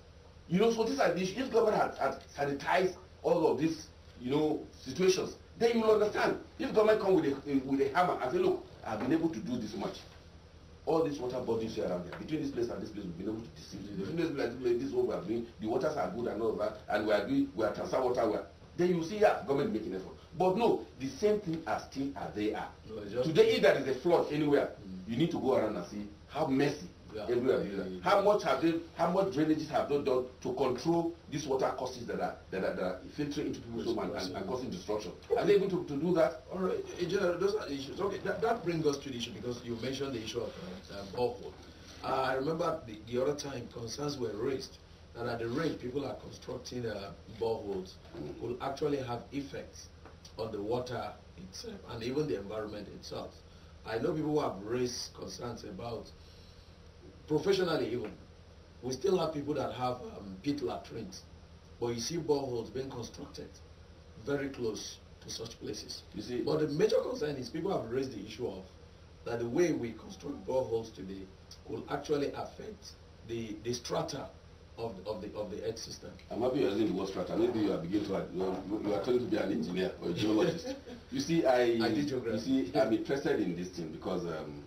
you know so these are the issues if government had had sanitized all of these you know situations then you will understand if government come with a with a hammer and say look i have been able to do this much all these water bodies here around there, between this place and this place we been able to deceive you between this place and this place this is what we are doing the waters are good and all of that and we are doing we are transfer water we then you see yeah government making effort but no the same thing as still as they are no, today if there is a flood anywhere mm. you need to go around and see how messy yeah. everywhere yeah, yeah, yeah. how much have they how much drainages have they done to control these water courses that are that are, that are filtering into people's home and, and, and causing destruction okay. are they able to, to do that all right in general those are issues okay that, that brings us to the issue because you mentioned the issue of uh, um, awful uh, i remember the, the other time concerns were raised and at the rate people are constructing uh, boreholes mm. will actually have effects on the water itself and even the environment itself. I know people who have raised concerns about, professionally even, we still have people that have um, pit latrines, but you see boreholes being constructed very close to such places. You see, but the major concern is people have raised the issue of that the way we construct boreholes today could actually affect the, the strata of the, of the of the earth system. I might be using the word strata. Maybe you are beginning to you are, trying to be an engineer or a geologist. you see, I, I did you see, I'm interested in this thing because um,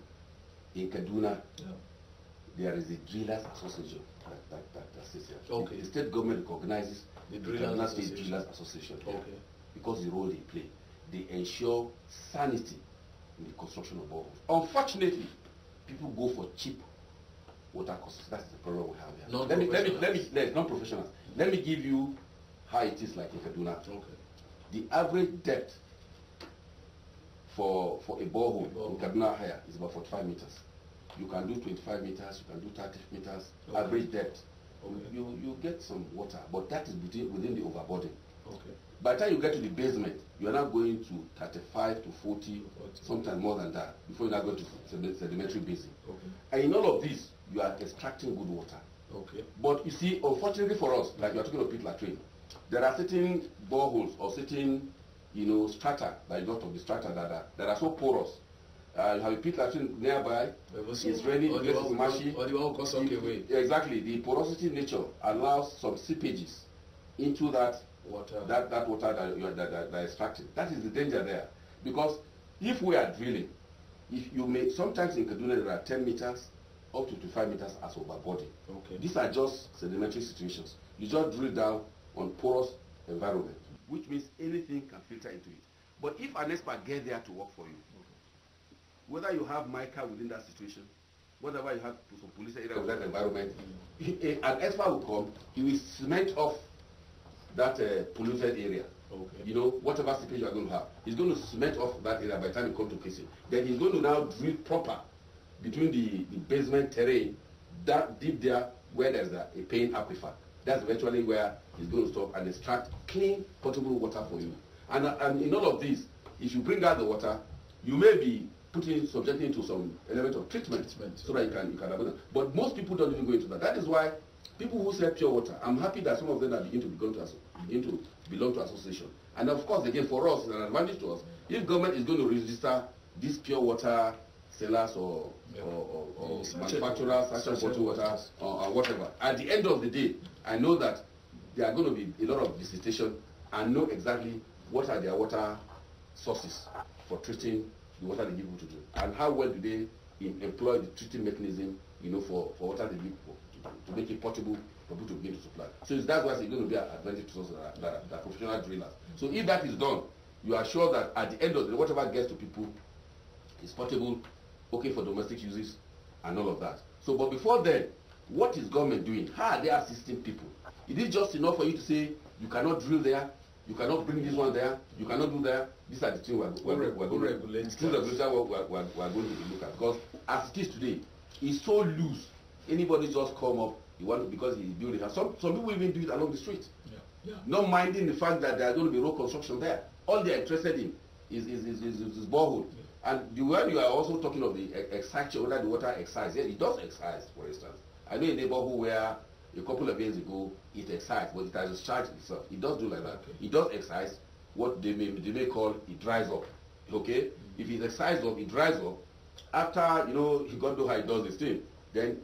in Kaduna. Yeah. There is a drillers association that that, that, that sits here. Okay. The, state government recognizes the drillers, the State drillers association. Yeah, okay. Because the role they play, they ensure sanity in the construction of boreholes. Unfortunately, people go for cheap water courses. That's the problem we have here. let me let me let me let non-professionals. Let me give you how it is like in Kaduna. Okay. The average depth for for a borehole bore in Kaduna here is about 45 meters. You can do 25 meters. You can do 30 meters. Okay. Average depth. Okay. You you get some water, but that is within within the overboarding. Okay. By the time you get to the basement, you are now going to 35 to 40, sometimes more than that, before you now go to sedimentary basin. Okay. And in all of this, you are extracting good water. Okay. But you see, unfortunately for us, like you are talking about pit latrine, there are certain boreholes or certain, you know, strata, like lot of the strata that are, that are so porous. Uh, you have a pit latrine nearby, it's raining, marshy. Or the goes away. Exactly. The porosity nature allows some seepages into that water. That, that water that you are that, that, that extracting. That is the danger there. Because if we are drilling, if you may, sometimes in Kaduna there are 10 meters up to 25 meters as overbody. Okay. These are just sedimentary situations. You just drill down on porous environment, which means anything can filter into it. But if an expert gets there to work for you, okay. whether you have mica within that situation, whatever you have some police area within that environment, mm -hmm. an expert will come, he will cement off that uh, polluted area. Okay. You know, whatever seepage you are going to have, he's going to cement off that area by the time you come to casing. Then he's going to now drill proper between the, the basement terrain, that deep there where there's a, a paying aquifer. That's eventually where he's going to stop and extract clean, potable water for you. And, and in all of this, if you bring out the water, you may be putting subjecting to some element of treatment, treatment. so that you can, you can have it. But most people don't even go into that. That is why people who sell pure water, I'm happy that some of them are beginning to belong to, begin to, belong to association. And of course, again, for us, it's an advantage to us. If government is going to register these pure water sellers or, yeah. or, or, or yeah, manufacturers, such as bottled water or, or whatever, at the end of the day, I know that there are going to be a lot of visitation and know exactly what are their water sources for treating the water they give people to drink and how well do they employ the treating mechanism you know, for, for water they give people to make it portable for people to begin to supply. So that's why it's going to be an advantage to us that, that, that professional drillers. So if that is done, you are sure that at the end of the day, whatever gets to people is portable, okay for domestic uses, and all of that. So, but before then, what is government doing? How are they assisting people? Is it just enough for you to say you cannot drill there, you cannot bring this one there, you cannot do there? These are the things we are, we are, we the things we are, we are, we are going to look at because as it is today, it's so loose anybody just come up, you want to, because he's building. some, some people even do it along the street. Yeah. Yeah. Not minding the fact that there's going to be road construction there. All they're interested in is, is, is, is, is borehole. Yeah. And the when you are also talking of the extraction, whether the water excise, yeah, it does excise, for instance. I know a neighborhood where a couple of years ago it excised, but it has discharged itself. It does do like that. Okay. It does excise what they may, they may call it dries up. Okay? Mm -hmm. If it excises up, it dries up. After, you know, he got to how it does this thing, then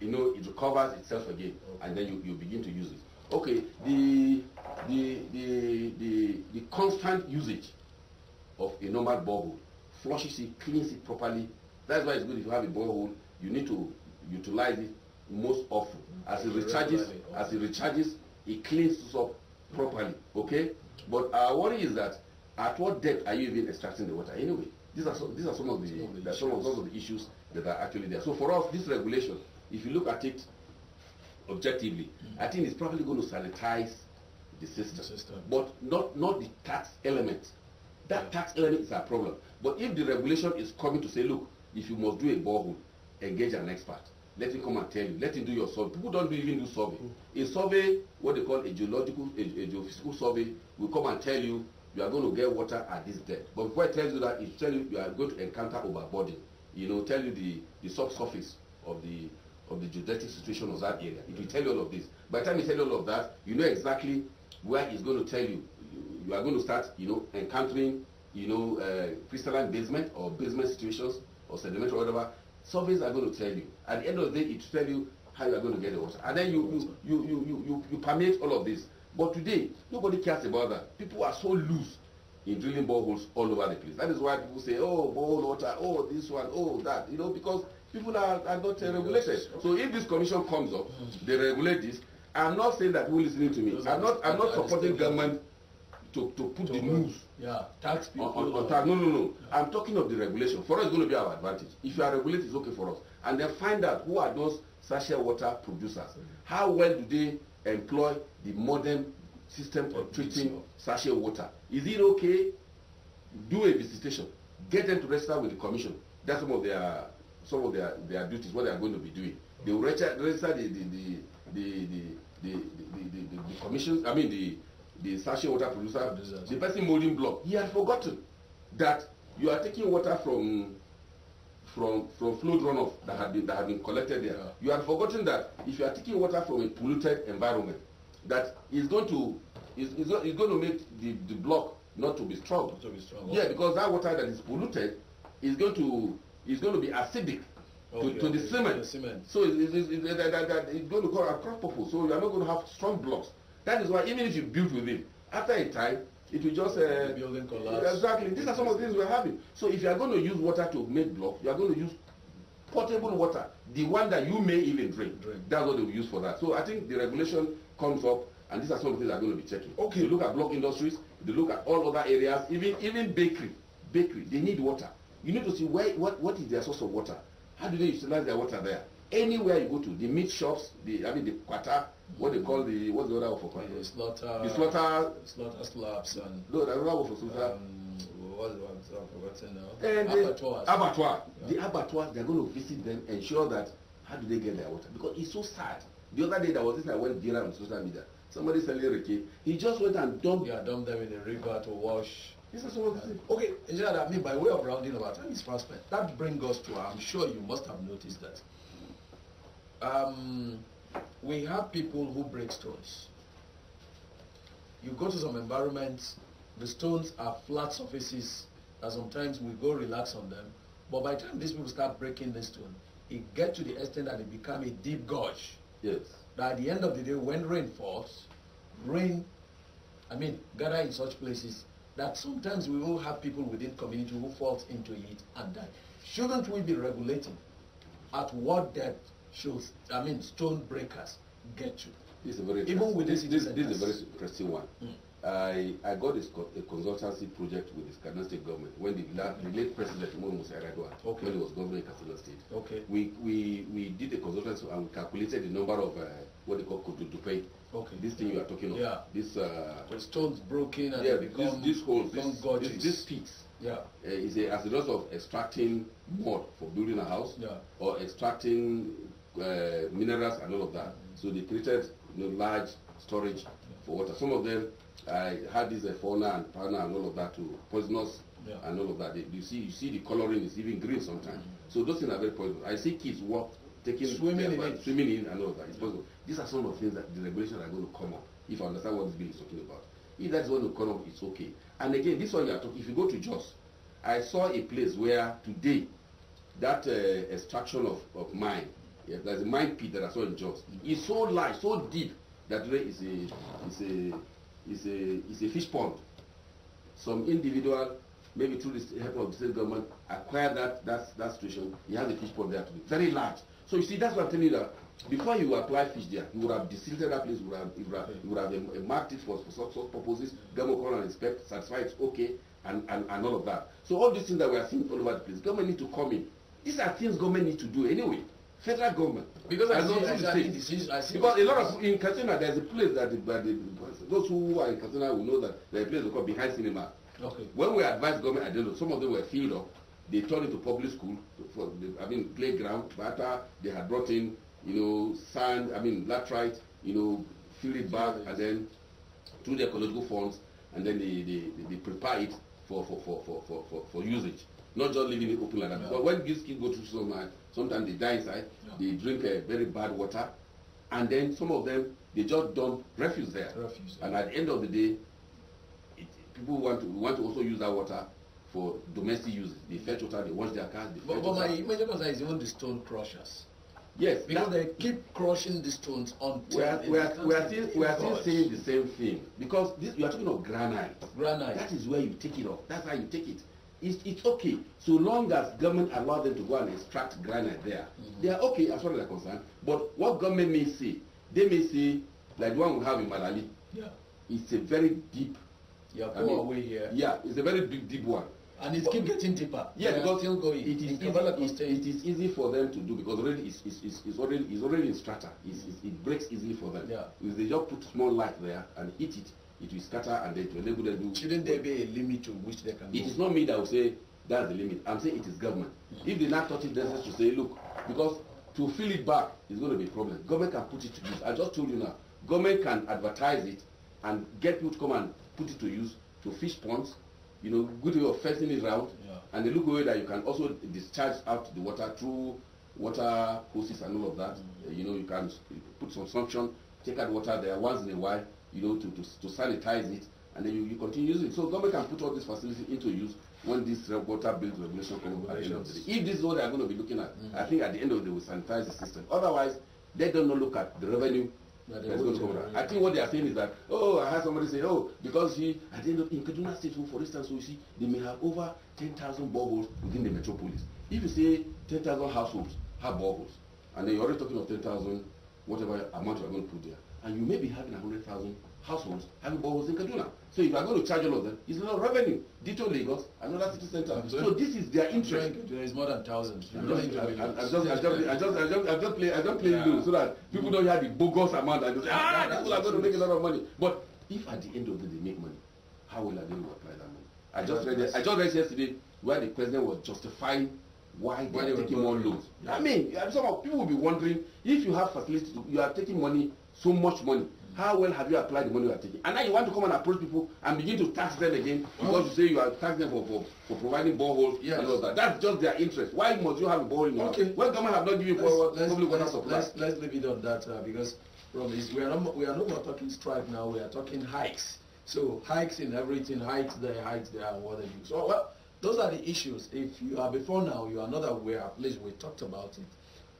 you know, it recovers itself again, and then you, you begin to use it. Okay, the, the, the, the, the constant usage of a normal borehole flushes it, cleans it properly. That's why it's good if you have a borehole, you need to utilize it most often. Mm-hmm. As it recharges, as it recharges, it cleans up properly, okay? Mm-hmm. But our worry is that at what depth are you even extracting the water anyway? These are, these are some of the, some of the, some of, some of the issues that are actually there. So for us, this regulation if you look at it objectively, mm. I think it's probably going to sanitize the system, the system. but not not the tax element. That yeah. tax element is our problem. But if the regulation is coming to say, look, if you must do a borehole, engage an expert. Let him come and tell you. Let him do your survey. People don't even do survey. Mm. A survey, what they call a geological, a, a geophysical survey, will come and tell you you are going to get water at this depth. But before it tells you that, it tells you you are going to encounter overboarding. You know, tell you the the subsurface of the of the geodetic situation of that area. It will tell you all of this. By the time you tell you all of that, you know exactly where it's going to tell you. You, are going to start, you know, encountering, you know, uh, crystalline basement or basement situations or sediment or whatever. Surveys are going to tell you. At the end of the day, it will tell you how you are going to get the water. And then you you you you you, you, you permeate all of this. But today, nobody cares about that. People are so loose in drilling boreholes all over the place. That is why people say, oh, borehole water, oh, this one, oh, that, you know, because people are, are not uh, regulated. So if this commission comes up, they regulate this. I'm not saying that who listening to me. I'm not, I'm not supporting government to, to put to the news yeah, tax people on, on, tax. No, no, no. Yeah. I'm talking of the regulation. For us, it's going to be our advantage. If you are regulated, it's okay for us. And then find out who are those sachet water producers. Mm. How well do they employ the modern system of treating sachet water. Is it okay? Do a visitation. Get them to register with the commission. That's some of their some of their, their duties, what they are going to be doing. They will register, register the, the, the, the, the, the, the, the, the commissions, I mean the, the sachet water producer, the person molding block. He had forgotten that you are taking water from from from flood runoff that had been that had been collected there. Yeah. You had forgotten that if you are taking water from a polluted environment, that is going to is is, is going to make the the block not to be strong. Not to be strong. Yeah, because that water that is polluted is going to is going to be acidic. Okay, to, to okay. the cement. The cement. So it, it, it, it, it, it, it, it's going to cause a cross purpose. So you are not going to have strong blocks. That is why even if you build with it, after a time, it will just uh, the building collapse. Exactly. These are some of the things we're having. So if you are going to use water to make block, you are going to use portable water, the one that you may even drink. drink. That's what they will use for that. So I think the regulation comes up and these are some of the things they're going to be checking okay they look at block industries they look at all other areas even even bakery bakery they need water you need to see where what what is their source of water how do they utilize their water there anywhere you go to the meat shops the i mean the quarter, what they call the what's the other word for quarter, the slaughter the slaughter slaughter slabs and no the other word for slaughter um, what what i'm forgetting now eh, and abattoirs the abattoir yeah. the abattoirs they're going to visit them ensure that how do they get their water because it's so sad The other day there was this I went viral on social media. Somebody selling rake. He just went and dumped. Yeah, dumped them in the river to wash. This is what yeah. Okay, Engineer, I mean, by way of rounding about, time is That brings us to, I'm sure you must have noticed that. Um, we have people who break stones. You go to some environments, the stones are flat surfaces, and sometimes we go relax on them. But by the time these people start breaking the stone, it gets to the extent that it becomes a deep gorge. Yes. That at the end of the day, when rain falls, rain, I mean, gather in such places that sometimes we will have people within community who fall into it and die. Shouldn't we be regulating at what depth should, I mean, stone breakers get you? This is a very Even with this, this, this is a very interesting one. Mm. I, I got a, a consultancy project with the Kaduna State government when the, the late President Umar Musa okay. when he was governing Kaduna State. Okay. We, we, we did the consultancy and we calculated the number of uh, what they call kududupay. Okay. This thing you are talking of. Yeah. This. Uh, stones broken and yeah, become, this, this holes, this, this, this Yeah. Uh, is a, as a result of extracting mud for building a house. Yeah. Or extracting uh, minerals and all of that. Mm -hmm. So they created you know, large storage yeah. for water. Some of them I had this a uh, fauna and fauna and all of that too, poisonous yeah. and all of that. you see, you see the coloring is even green sometimes. Mm -hmm. So those things are very poisonous. I see kids walk, taking swimming in, swimming in and all of that. It's possible. These are some of the things that the regulations are going to come up. If I understand what this bill is talking about, if that's going to come up, it's okay. And again, this one you are talking. If you go to Joss, I saw a place where today that uh, extraction of of mine, yeah, there's a mine pit that I saw in Jos. It's so large, so deep that today is a is a is a, is a fish pond. Some individual, maybe through the help of the state government, acquired that, that, that situation. He has a fish pond there today, very large. So you see, that's what I'm telling you that before you apply fish there, you would have desilted that place, you would have, you would have, you would have a, um, a um, marked it for, for such, such purposes, government come and inspect, satisfy it's okay, and, and, and all of that. So all these things that we are seeing all over the place, government need to come in. These are things government need to do anyway. Federal government. Because I, I see, I see, I see, I see because a lot of in Katsina there's a place that the, the those who are in Katsina will know that there is a place called behind cinema. Okay. When we advised government I don't know some of them were filled up. They turned into public school for the, I mean playground. But after they had brought in, you know, sand, I mean latrite, you know, fill it back and then through the ecological funds and then they, they, they, they prepare it for, for, for, for, for, for, for usage. Not just leaving it open like that. Yeah. But when these kids go through so much, sometimes they die inside, yeah. they drink uh, very bad water, and then some of them They just dump refuse there. Refuse. And at the end of the day, it, people want to we want to also use that water for domestic uses. They fetch water, they wash their cars. They but, but my major concern is even the stone crushers. Yes, because they keep crushing the stones until we are, we are, we are still we are still saying the same thing because this you are talking of granite. Granite. That is where you take it off. That's how you take it. It's, it's okay so long as government allow them to go and extract granite there. Mm -hmm. They are okay as far as they are concerned. But what government may say they may say like the one we have in malali yeah. it's a very deep yeah, I mean, away here. yeah it's a very big deep one and it but, keep getting deeper yeah they because still going it is, easy, it, it is easy for them to do because already it's it's it's is already it's already in strata it's, it's, it breaks easily for them yeah. if they just put small light there and hit it it will scatter and then to enable them to shouldn't there be a limit to which they can it go? is not me that will say that's the limit i'm saying it is government mm if they now touch it to say look because to fill it back is going to be a problem. Government can put it to use. I just told you now, government can advertise it and get people to come and put it to use to fish ponds, you know, good way of fencing it around, yeah. and they look away that you can also discharge out the water through water hoses and all of that. Mm -hmm. You know, you can put some suction, take out water there once in a while, you know, to, to, to sanitize it, and then you, you continue using it. So government can put all these facilities into use when this uh, water based regulation comes at the end of the day. If this is what they are going to be looking at, mm -hmm. I think at the end of the day, we sanitize the system. Otherwise, they don't look at the revenue that's going to come around. I think what they are saying is that, oh, I heard somebody say, oh, because he, at the end of, in Kaduna State, for instance, we see they may have over 10,000 boreholes within the metropolis. If you say 10,000 households have boreholes, and then you're already talking of 10,000, whatever amount you're going to put there, and you may be having 100,000 households having boreholes in Kaduna. So if I go to charge all of them, it's not revenue. Ditto Lagos, another city center. So this is their interest. There is more than thousand. I'm just, I just I just, I just I I just play, playing yeah. low so that people don't hear the bogus amount and say, ah, these people are going to make a lot of money. But if at the end of the day they make money, how will I be able to apply that money? I just read, I just read yesterday where the president was justifying why they why are they taking more loans. Yeah. I mean, some of people will be wondering if you have facilities, you are taking money, so much money how well have you applied the money you are taking and now you want to come and approach people and begin to tax them again because mm. you say you are taxing them for for for providing boreholes yes. and all that that's just their interest why must you have a borehole in your okay. house when government have not given you public water supply. let's let's leave it on that uh, because from is we are not we are no more talking strike now we are talking hikes so hikes in everything hikes there hikes there and what they do so well those are the issues if you are before now you are not aware at least we talked about it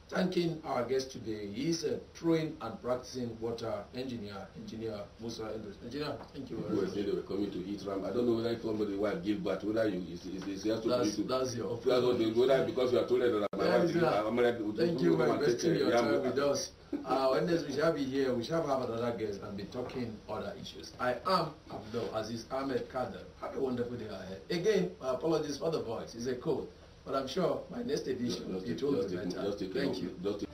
Thanking our guest today, he is a trained and practicing water engineer, engineer Musa Endres. Engineer, thank you very much. they were coming to eat ram. I don't know whether if somebody wife give birth, whether you is is is has to that's, to, that's your that's what whether because you are told that my wife is married. Thank you for investing your time with us. Uh, when we shall be here, we shall have another guest and be talking other issues. I am Abdul Aziz Ahmed Kader. Have a wonderful day ahead. Again, my apologies for the voice. It's a cold. But I'm sure my next edition will be totally better. Thank you.